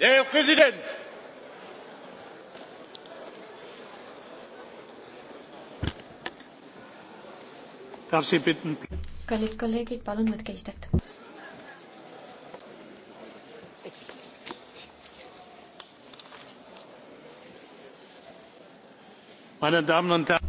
Der Präsident! Darf Sie bitten. kallid kolleegid, palun võtke istet. Meine Damen und Herren!